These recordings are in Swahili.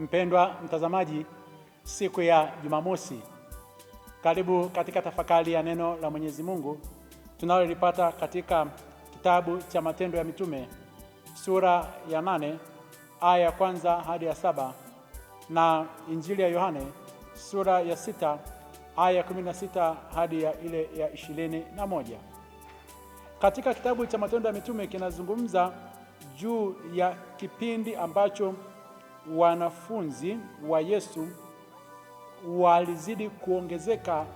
Mpendwa mtazamaji, siku ya Jumamosi, karibu katika tafakari ya neno la Mwenyezi Mungu tunalolipata katika kitabu cha Matendo ya Mitume sura ya nane aya ya kwanza hadi ya saba na Injili ya Yohane sura ya sita aya ya kumi na sita hadi ya ile ya ishirini na moja. Katika kitabu cha Matendo ya Mitume kinazungumza juu ya kipindi ambacho wanafunzi wa Yesu walizidi kuongezeka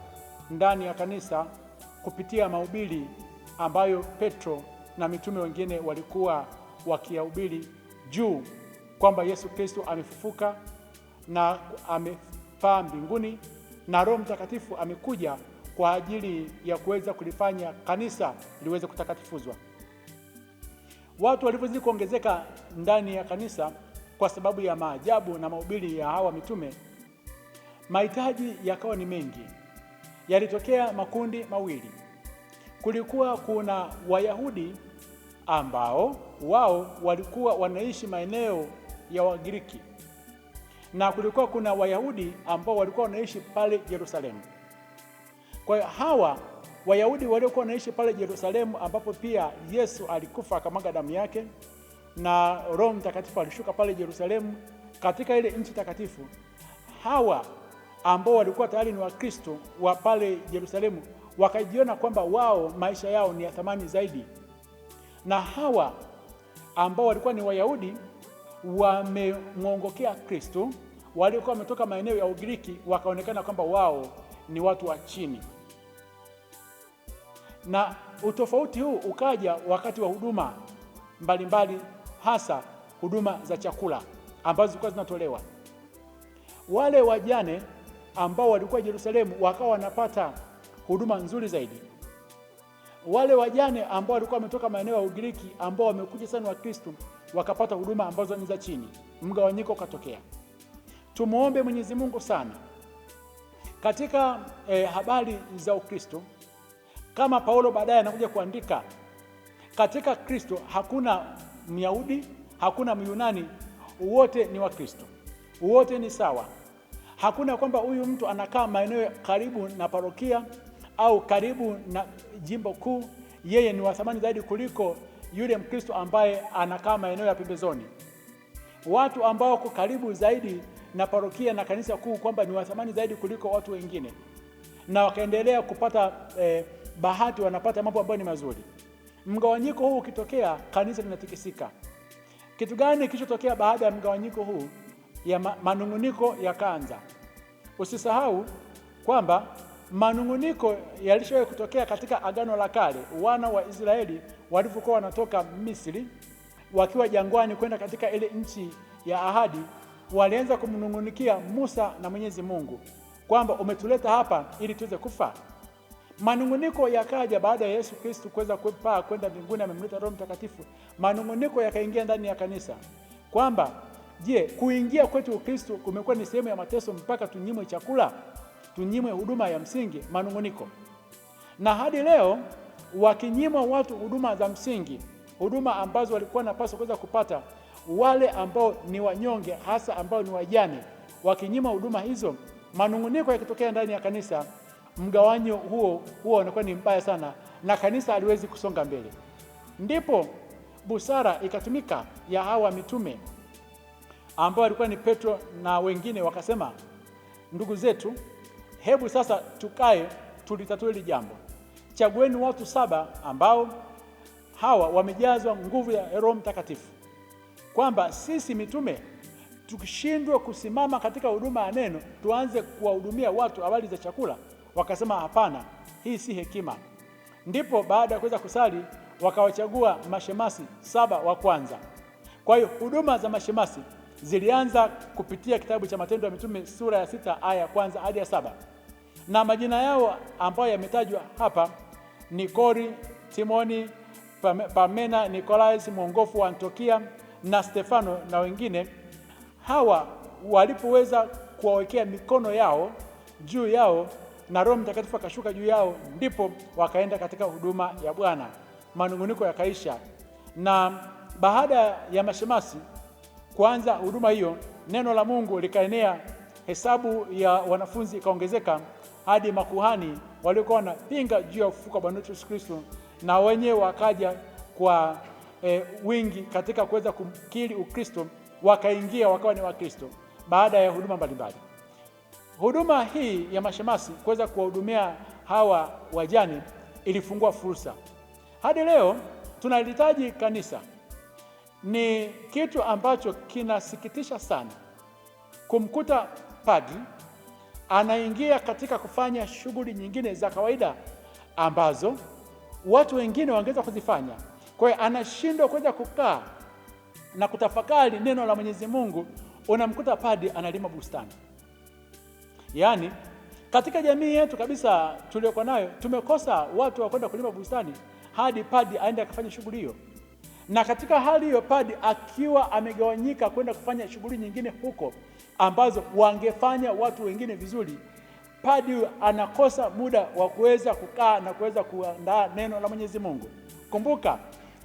ndani ya kanisa kupitia mahubiri ambayo Petro na mitume wengine walikuwa wakiyahubiri juu kwamba Yesu Kristo amefufuka na amepaa mbinguni na Roho Mtakatifu amekuja kwa ajili ya kuweza kulifanya kanisa liweze kutakatifuzwa. Watu walivyozidi kuongezeka ndani ya kanisa kwa sababu ya maajabu na mahubiri ya hawa mitume, mahitaji yakawa ni mengi. Yalitokea makundi mawili. Kulikuwa kuna Wayahudi ambao wao walikuwa wanaishi maeneo ya Wagiriki na kulikuwa kuna Wayahudi ambao walikuwa wanaishi pale Yerusalemu. Kwa hiyo hawa Wayahudi waliokuwa wanaishi pale Yerusalemu ambapo pia Yesu alikufa akamwaga damu yake na Roho Mtakatifu alishuka pale Yerusalemu katika ile nchi takatifu. Hawa ambao walikuwa tayari ni Wakristo wa pale Yerusalemu wakajiona kwamba wao maisha yao ni ya thamani zaidi, na hawa ambao walikuwa ni Wayahudi wamemwongokea Kristo, waliokuwa wametoka maeneo ya Ugiriki wakaonekana kwamba wao ni watu wa chini, na utofauti huu ukaja wakati wa huduma mbalimbali hasa huduma za chakula ambazo zilikuwa zinatolewa. Wale wajane ambao walikuwa Yerusalemu wakawa wanapata huduma nzuri zaidi. Wale wajane ambao walikuwa wametoka maeneo ya Ugiriki ambao wamekuja sana wa Kristo wakapata huduma ambazo ni za chini, mgawanyiko ukatokea. Tumwombe Mwenyezi Mungu sana katika eh, habari za Ukristo, kama Paulo baadaye anakuja kuandika katika Kristo hakuna Myahudi, hakuna Myunani, wote ni Wakristo, wote ni sawa. Hakuna kwamba huyu mtu anakaa maeneo karibu na parokia au karibu na jimbo kuu, yeye ni wa thamani zaidi kuliko yule Mkristo ambaye anakaa maeneo ya pembezoni. Watu ambao wako karibu zaidi na parokia na kanisa kuu, kwamba ni wa thamani zaidi kuliko watu wengine, na wakaendelea kupata eh, bahati, wanapata mambo ambayo ni mazuri. Mgawanyiko huu ukitokea, kanisa linatikisika. Kitu gani kilichotokea baada ya mgawanyiko huu? Ya manunguniko yakaanza. Usisahau kwamba manunguniko yalishawahi kutokea katika Agano la Kale, wana wa Israeli walivyokuwa wanatoka Misri wakiwa jangwani kwenda katika ile nchi ya ahadi, walianza kumnungunikia Musa na Mwenyezi Mungu kwamba umetuleta hapa ili tuweze kufa. Manunguniko yakaja baada ya Yesu Kristo kuweza kupaa kwenda mbinguni, amemleta Roho Mtakatifu. Manunguniko yakaingia ndani ya kanisa kwamba je, kuingia kwetu ukristu kumekuwa ni sehemu ya mateso mpaka tunyimwe chakula, tunyimwe huduma ya msingi? Manunguniko. Na hadi leo wakinyimwa watu huduma za msingi, huduma ambazo walikuwa napaswa kuweza kupata, wale ambao ni wanyonge, hasa ambao ni wajane, wakinyimwa huduma hizo, manunguniko yakitokea ndani ya kanisa mgawanyo huo huo unakuwa ni mbaya sana, na kanisa haliwezi kusonga mbele. Ndipo busara ikatumika ya hawa mitume ambao walikuwa ni Petro na wengine, wakasema ndugu zetu, hebu sasa tukae tulitatue hili jambo. Chagueni watu saba ambao hawa wamejazwa nguvu ya Roho Mtakatifu, kwamba sisi mitume tukishindwa kusimama katika huduma ya neno, tuanze kuwahudumia watu awali za chakula wakasema hapana, hii si hekima. Ndipo baada ya kuweza kusali wakawachagua mashemasi saba wa kwanza. Kwa hiyo huduma za mashemasi zilianza kupitia kitabu cha Matendo ya Mitume sura ya sita aya ya kwanza hadi ya saba na majina yao ambayo yametajwa hapa ni Kori, Timoni, Pamena, Nikolais mwongofu wa Antiokia na Stefano na wengine. Hawa walipoweza kuwawekea mikono yao juu yao na Roho Mtakatifu akashuka juu yao, ndipo wakaenda katika huduma ya Bwana. Manunguniko yakaisha, na baada ya mashemasi kuanza huduma hiyo, neno la Mungu likaenea, hesabu ya wanafunzi ikaongezeka hadi makuhani waliokuwa wanapinga juu ya ufufuko wa Bwana wetu Yesu Kristo, na wenyewe wakaja kwa e, wingi katika kuweza kumkiri Ukristo, wakaingia wakawa ni Wakristo baada ya huduma mbalimbali. Huduma hii ya mashemasi kuweza kuwahudumia hawa wajane ilifungua fursa. Hadi leo tunalihitaji kanisa. Ni kitu ambacho kinasikitisha sana kumkuta padri anaingia katika kufanya shughuli nyingine za kawaida ambazo watu wengine wangeweza kuzifanya. Kwa hiyo anashindwa kuweza kukaa na kutafakari neno la Mwenyezi Mungu. Unamkuta padri analima bustani. Yaani katika jamii yetu kabisa tuliokuwa nayo tumekosa watu wa kwenda kulima bustani hadi padi aende akafanya shughuli hiyo, na katika hali hiyo padi akiwa amegawanyika kwenda kufanya shughuli nyingine huko ambazo wangefanya watu wengine vizuri, padi anakosa muda wa kuweza kukaa na kuweza kuandaa neno la Mwenyezi Mungu. Kumbuka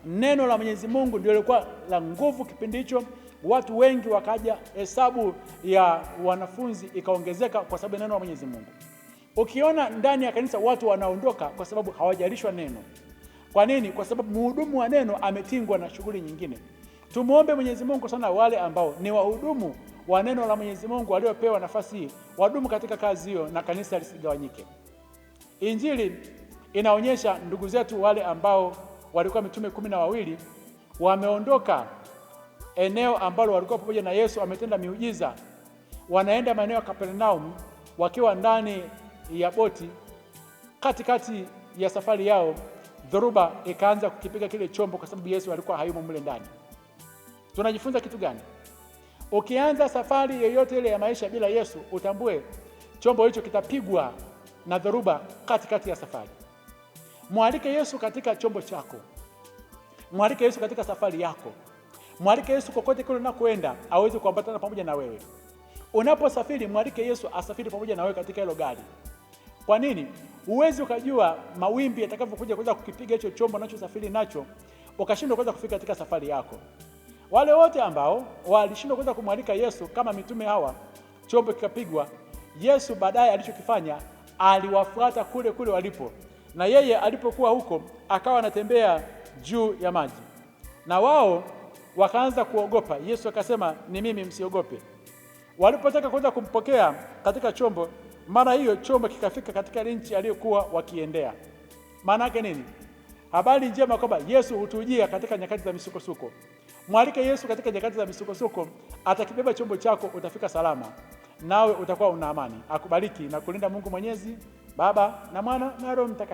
neno la Mwenyezi Mungu ndio lilikuwa la nguvu kipindi hicho watu wengi wakaja, hesabu ya wanafunzi ikaongezeka kwa sababu ya neno la Mwenyezi Mungu. Ukiona ndani ya kanisa watu wanaondoka kwa sababu hawajalishwa neno. Kwa nini? Kwa sababu mhudumu wa neno ametingwa na shughuli nyingine. Tumwombe Mwenyezi Mungu sana wale ambao ni wahudumu wa neno la Mwenyezi Mungu waliopewa nafasi hii, wadumu katika kazi hiyo na kanisa lisigawanyike. Injili inaonyesha ndugu zetu wale ambao walikuwa mitume kumi na wawili wameondoka eneo ambalo walikuwa pamoja na Yesu ametenda miujiza, wanaenda maeneo ya Kapernaum wakiwa ndani ya boti, katikati ya safari yao dhoruba ikaanza kukipiga kile chombo, kwa sababu Yesu alikuwa hayumo mle ndani. Tunajifunza kitu gani? Ukianza safari yoyote ile ya maisha bila Yesu, utambue chombo hicho kitapigwa na dhoruba katikati ya safari. Mwalike Yesu katika chombo chako, mwalike Yesu katika safari yako. Mwalike Yesu kokote kule unakoenda aweze kuambatana pamoja na wewe. Unaposafiri mwalike Yesu asafiri pamoja na wewe katika hilo gari. Kwa nini? Huwezi ukajua mawimbi yatakavyokuja kuweza kukipiga hicho chombo unachosafiri nacho, ukashindwa kuweza kufika katika safari yako. Wale wote ambao walishindwa kuweza kumwalika Yesu kama mitume hawa, chombo kikapigwa. Yesu baadaye alichokifanya aliwafuata kule kule walipo, na yeye alipokuwa huko akawa anatembea juu ya maji, na wao wakaanza kuogopa. Yesu akasema ni mimi, msiogope. Walipotaka kwenda kumpokea katika chombo, mara hiyo chombo kikafika katika nchi aliyokuwa wakiendea. Maana yake nini? Habari njema kwamba Yesu hutujia katika nyakati za misukosuko. Mwalike Yesu katika nyakati za misukosuko, atakibeba chombo chako, utafika salama, nawe utakuwa una amani. Akubariki na kulinda Mungu Mwenyezi, Baba na Mwana na Roho Mtakatifu.